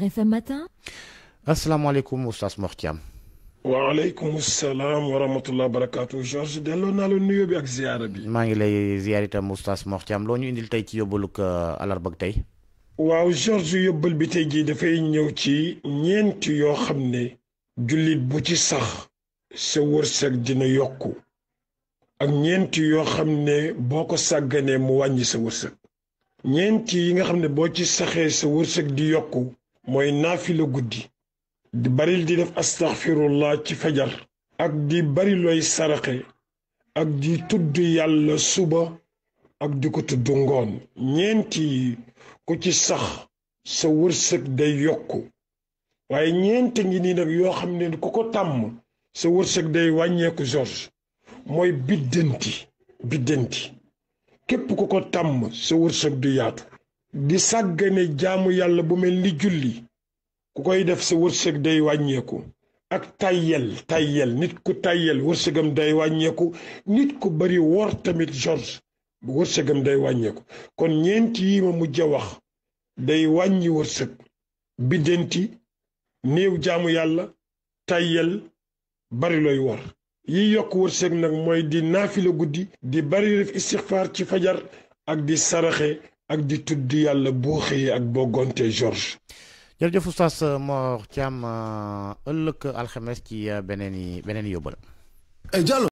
RFM Matin. Assalamu alaikum, Oustaz Mortiam. wa alaikum salaam wa rahmatullah barakaatu Georges delloo na le nuyo bi ak ziyaara bi. Ma ngi lay ziyaar itam Oustaz Mor Thiam ñu indil tay ci yobul yóbbalug alar bak tay. waaw Georges yobul bi tay tey da fay ñëw ci ñent yo xamne julit bu ci sax. se wërsëg dina yokku. ak ñent yo xamne boko sagane mu wañi se wërsëg. ñeenti yi nga xam ne boo ci saxee sa wërsëg di yokku mooy naafila guddi di baril di def astaxfirullah ci fajar ak di bari looy saraxe ak di tudd yàlla suba ak di ko tudd ngoon ñeenti yi ku ci sax sa wërsëg day yokku waaye ñeenti ngi nii nag yoo xam ne ku ko tàmm sa wërsëg day wàññeeku George mooy biddanti biddanti képp ku ko tàmm sa wërsëg du yaatu di sàggane jaamu yàlla bu mel ni julli ku koy def sa wërsëg day wàññeeku ak tayyel tayyel nit ku tayyel wërsëgam day wàññeeku nit ku bari woor tamit George bu wërsëgam day wàññeeku kon ñeent yi ma mujj a wax day wàññi wërsëg biddanti néew jaamu yàlla tayyel barilooy looy yiy yokk wërsëg nag mooy di naafila guddi di bari def ci fajar ak di saraxe ak di tudd yàlla boo xëyee ak boo gontee George jërëjëf oustaz Mor Thiam ëllëg alxemes ci beneen yi beneen yóbbal eh,